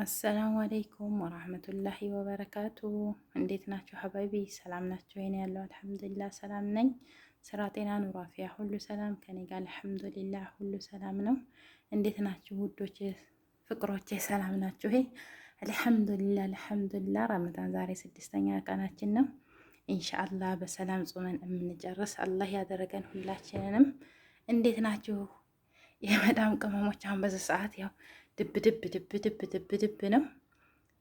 አሰላሙ አለይኩም ወራህመቱላሂ ወበረካቱ። እንዴት ናችሁ ሀባይቢ? ሰላም ናቸው? ይኔ ያለው አልሐምዱሊላ ሰላም ነኝ። ስራ፣ ጤና፣ ኑሯፊያ ሁሉ ሰላም ከኔ ጋር አልሐምዱሊላ ሁሉ ሰላም ነው። እንዴት ናችሁ ውዶቼ፣ ፍቅሮቼ? ሰላም ናችሁ? ይሄ አልሐምዱሊላ አልሐምዱሊላ። ረመዳን ዛሬ ስድስተኛ ቀናችን ነው። ኢንሻአላ በሰላም ጾመን የምንጨርስ አላህ ያደረገን ሁላችንንም። እንዴት ናችሁ የመዳም ቅመሞች? አሁን በዚህ ሰዓት ያው ድብ ድብ ድብ ድብ ድብ ድብ ነው።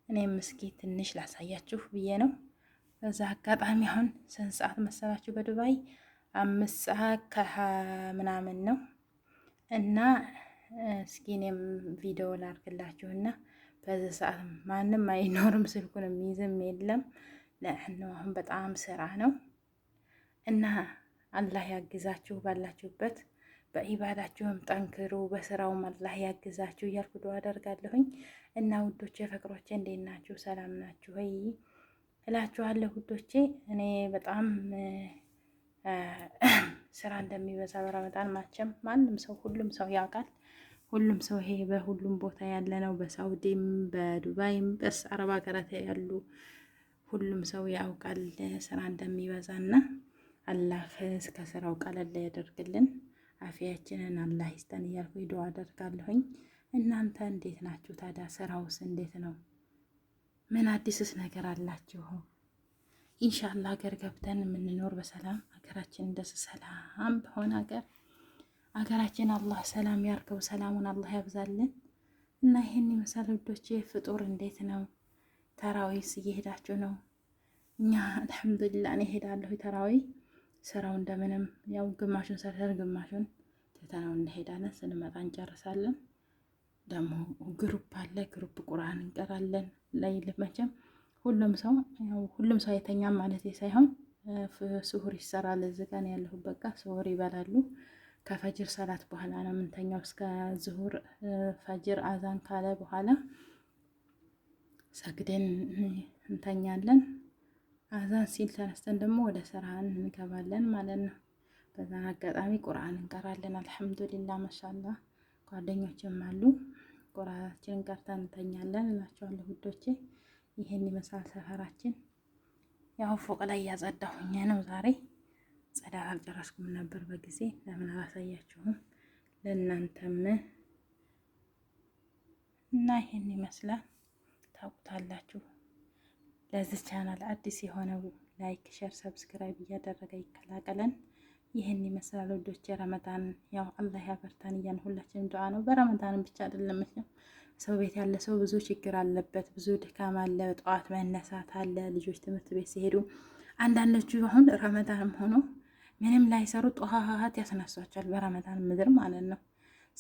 እኔም እስኪ ትንሽ ላሳያችሁ ብዬ ነው። በዛ አጋጣሚ አሁን ስንት ሰዓት መሰላችሁ? በዱባይ አምስት ሰዓት ከምናምን ነው እና እስኪ እኔም ቪዲዮ ላርግላችሁና በዚህ ሰዓት ማንም አይኖርም፣ ስልኩን የሚይዝም የለም። ለእነው አሁን በጣም ስራ ነው እና አላህ ያግዛችሁ ባላችሁበት በኢባዳችሁም ጠንክሩ፣ በስራው አላህ ያግዛችሁ እያልኩ ዱዓ አደርጋለሁኝ። እና ውዶቼ ፍቅሮቼ እንዴት ናችሁ? ሰላም ናችሁ ወይ እላችኋለሁ ውዶቼ። እኔ በጣም ስራ እንደሚበዛ በረመዳን ማቸም ማንም ሰው ሁሉም ሰው ያውቃል። ሁሉም ሰው ይሄ በሁሉም ቦታ ያለ ነው። በሳውዲም በዱባይም በስ አረብ ሀገራት ያሉ ሁሉም ሰው ያውቃል ስራ እንደሚበዛና አላህ ከስራው ቀለል ያደርግልን። አፊያችንን አላህ ይስጠን እያልኩ ዱዓ አደርጋለሁኝ። እናንተ እንዴት ናችሁ ታዲያ? ስራውስ እንዴት ነው? ምን አዲስስ ነገር አላችሁ? ኢንሻላ ሀገር ገብተን የምንኖር በሰላም ሀገራችን ደስ ሰላም በሆነ ሀገር ሀገራችን አላህ ሰላም ያርገው፣ ሰላሙን አላህ ያብዛልን እና ይህን የመሳለ ውዶች ፍጡር እንዴት ነው? ተራዊስ እየሄዳችሁ ነው? እኛ አልሐምዱሊላ እኔ እሄዳለሁ ተራዊ ስራው እንደምንም ያው ግማሹን ሰርተን ግማሹን ትተነው እንሄዳለን። ስንመጣ እንጨርሳለን። ደግሞ ግሩፕ አለ። ግሩፕ ቁርአን እንቀራለን። ላይ መቼም ሁሉም ሰው ያው ሁሉም ሰው አይተኛም ማለት ሳይሆን ስሁር ይሰራል። እዚህ ቀን ያለሁት በቃ ስሁር ይበላሉ። ከፈጅር ሰላት በኋላ ነው የምንተኛው። እስከ ዝሁር ፈጅር አዛን ካለ በኋላ ሰግደን እንተኛለን። አዛን ሲል ተነስተን ደግሞ ወደ ስራ እንገባለን ማለት ነው። በዛ አጋጣሚ ቁርአን እንቀራለን። አልሐምዱሊላ ማሻላ ጓደኞችም አሉ። ቁርአናችንን ቀርተን እንተኛለን እላቸዋለሁ ውዶቼ። ይህን ይመስላል ሰፈራችን። ያው ፎቅ ላይ እያጸዳሁኝ ነው ዛሬ። ጸዳ አልጨረስኩም ነበር በጊዜ ለምን አላሳያችሁም ለእናንተም እና ይህን ይመስላል ታውቁታላችሁ። ለዚህ ቻናል አዲስ የሆነው ላይክ፣ ሸር፣ ሰብስክራይብ እያደረገ ይቀላቀለን። ይህን ይመስላል ወዶች የረመዳን ያው አላህ ያበርታን እያን ሁላችንም ዱዓ ነው። በረመዳን ብቻ አይደለም ሰው ቤት ያለ ሰው ብዙ ችግር አለበት፣ ብዙ ድካም አለ፣ ጠዋት መነሳት አለ፣ ልጆች ትምህርት ቤት ሲሄዱ። አንዳንዶቹ አሁን ረመዳንም ሆኖ ምንም ላይሰሩ ጠዋት ያስነሷቸዋል፣ በረመዳን ምድር ማለት ነው።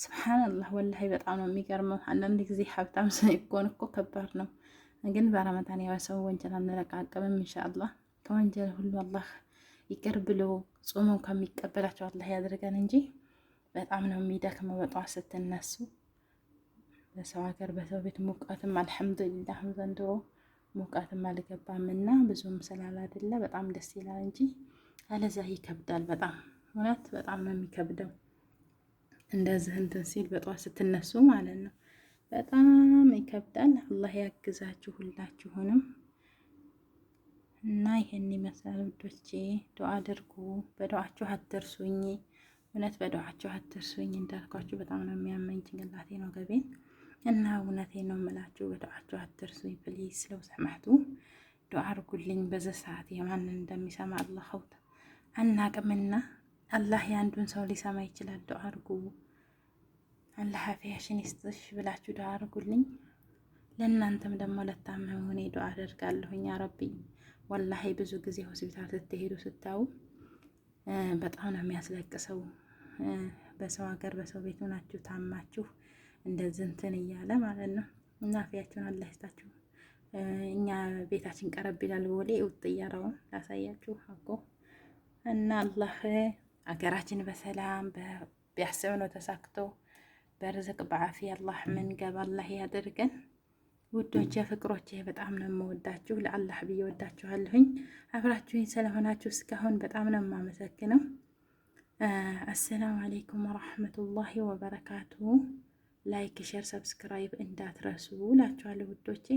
ስብሓንላህ ወላሂ በጣም ነው የሚገርመው። አንዳንድ ጊዜ ሀብታም ስንሆን እኮ ከባድ ነው። ግን በረመዳን የባሰው ወንጀል አንለቃቀምም። እንሻአላ ከወንጀል ሁሉ አላህ ይቅር ብሎ ጾመው ከሚቀበላቸው አላህ ያደርገን እንጂ በጣም ነው የሚደክመው። በጠዋት ስትነሱ በሰው ሀገር በሰው ቤት ሙቀትም አልሐምዱሊላህ ዘንድሮ ሙቀትም አልገባም እና ብዙም ስላል አይደለ በጣም ደስ ይላል እንጂ አለዛ ይከብዳል። በጣም እውነት በጣም ነው የሚከብደው እንደዚህ እንትን ሲል በጠዋት ስትነሱ ማለት ነው። በጣም ይከብዳል። አላህ ያግዛችሁ ሁላችሁንም። እና ይሄን ይመስላል ውዶቼ። ዱዓ አድርጉ። በዱዓችሁ አትርሱኝ። እውነት በዱዓችሁ አትርሱኝ። እንዳልኳችሁ በጣም ነው የሚያመኝ ጭንቅላቴ ነው ገቤን እና እውነቴ ነው የምላችሁ በዱዓችሁ አትርሱኝ ፕሊዝ። ስለው ሰማቱ ዱዓ አድርጉልኝ። በዛ ሰዓት የማንን እንደሚሰማ አላህ አናቅምና አላህ የአንዱን ሰው ሊሰማ ይችላል። ዱዓ አድርጉ። አላህ አፍያሽን ይስጥሽ ብላችሁ ዱዓ አድርጉልኝ። ለእናንተም ደግሞ ለታመሙ እኔ ዱዓ አደርጋለሁኝ። ረቢ ወላሂ ብዙ ጊዜ ሆስፒታል ስትሄዱ ስታዩ በጣም ነው የሚያስለቅሰው። በሰው ሀገር በሰው ቤት ሆናችሁ ታማችሁ እንደዚህ እንትን እያለ ማለት ነው እና አፍያችሁን አላህ ይስጣችሁ። እኛ ቤታችን ቀረብ ይላል። ወሌ ውጥ እያረውን ላሳያችሁ አኮ እና አላህ አገራችን በሰላም ቢያስብ ነው ተሳክቶ በርዝቅ በአፊያ አላህ ምንገባ አላህ ያደርገን። ውዶች ፍቅሮቼ በጣም ነው የምወዳችሁ። ለአላህ ብዬ ወዳችኋለሁኝ። አብራችሁኝ ስለሆናችሁ እስካሁን በጣም ነው የማመሰግነው። አሰላሙ አሌይኩም ወራህመቱላሂ ወበረካቱ ላይክ፣ ሸር ሰብስክራይብ እንዳትረሱ እላችኋለሁ ውዶቼ።